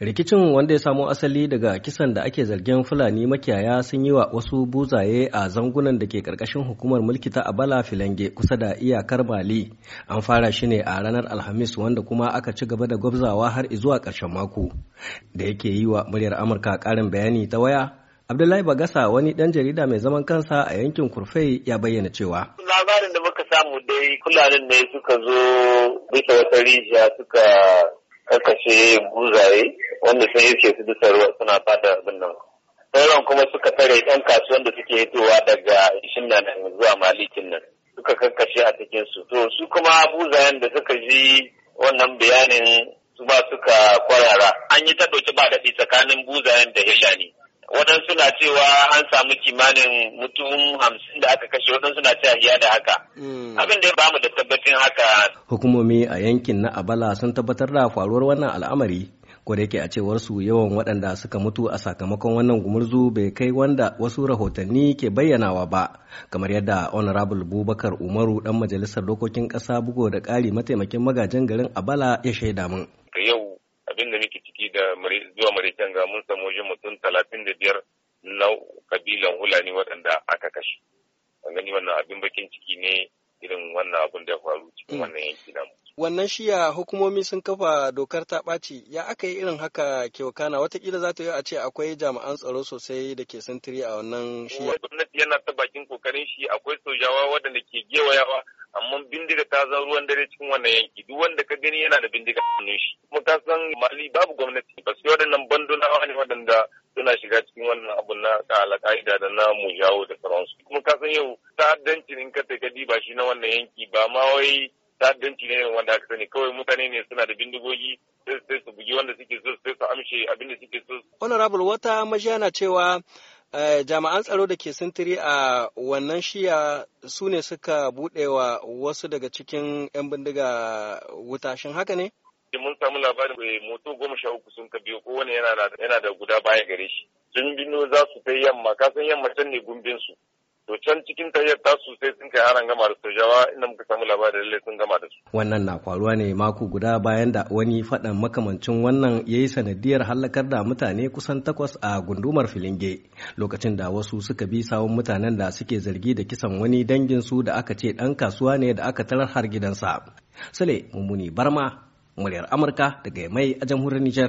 rikicin wanda ya samo asali daga kisan da ake zargin fulani makiyaya sun yi wa wasu buzaye a zangunan da ke karkashin hukumar mulki ta abala filange kusa da iyakar mali an fara shi ne a ranar alhamis wanda kuma aka ci gaba da gwabzawa har zuwa karshen mako da yake yi wa muryar amurka karin bayani ta waya abdullahi bagasa wani ɗan jarida mai zaman kansa a yankin kurfai ya bayyana cewa labarin da muka samu dai kulanin ne suka zo bisa wata rijiya suka karkashe guzaye wanda sun yi su bisa ruwa suna fada abin nan sauran kuma suka tare ɗan kasuwan da suke hitowa daga shin nan zuwa malikin nan suka karkashe a cikin su to su kuma buzayen da suka ji wannan bayanin su ba suka kwarara an yi ta ɗauki ba daɗi tsakanin waɗansu suna cewa an samu kimanin mutum hamsin da aka kashe waɗansu suna cewa iya da haka hmm. abin da ya bamu da tabbacin haka hukumomi a yankin na abala sun tabbatar da faruwar wannan al'amari ko da yake a cewar su yawan waɗanda suka mutu a sakamakon wannan gumurzu bai kai wanda wasu rahotanni ke bayyanawa ba kamar yadda honorable bubakar umaru dan majalisar dokokin ƙasa bugo da ƙari mataimakin magajin garin abala ya shaida min mutum talatin da biyar na kabilan hulani waɗanda aka kashe an gani wannan abin bakin ciki ne irin wannan abin da ya faru cikin mm. wannan yanki namu wannan shiya hukumomi sun kafa dokar ta ɓaci ya aka yi irin haka kyaukana watakila za ta yi a ce akwai jami'an tsaro sosai da ke sintiri a wannan shiya gwamnati yana ta bakin kokarin shi akwai sojawa waɗanda ke gewayawa amma bindiga ta zan ruwan dare cikin wannan yanki duk wanda ka gani yana da bindiga hannun shi kuma ka san mali babu gwamnati ba sai waɗannan bandunawa ne waɗanda suna shiga cikin wannan abun na alƙa'ida da na yawo da sauransu kuma ka san yau ta'addanci ne ka ka diba shi na wannan yanki ba ma wai ta'addanci ne wanda aka sani kawai mutane ne suna da bindigogi sai su bugi wanda suke so sai su amshe abin da suke so. Honorable wata mashana na cewa Eh, jami'an tsaro da ke sintiri a wannan shiya su ne suka buɗe wa wasu daga cikin 'yan bindiga wutashin haka ne? mun samu labarin eh, moto goma sha uku sun ka biyo kowane yana da guda bayan gare shi sun bino za su kai yamma kasan yamma can ne gumbin su to can cikin tahiyar su sai sun kai haran gama da sojawa inda muka samu labarin lalle sun gama da su wannan na faruwa ne mako guda bayan da wani faɗan makamancin wannan ya yi sanadiyar hallakar da mutane kusan takwas a gundumar filinge lokacin da wasu suka bi sawun mutanen da suke zargi da kisan wani dangin su da aka ce dan kasuwa ne da aka tarar har gidansa sule mummuni barma muryar amurka daga mai a jamhuriyar nijar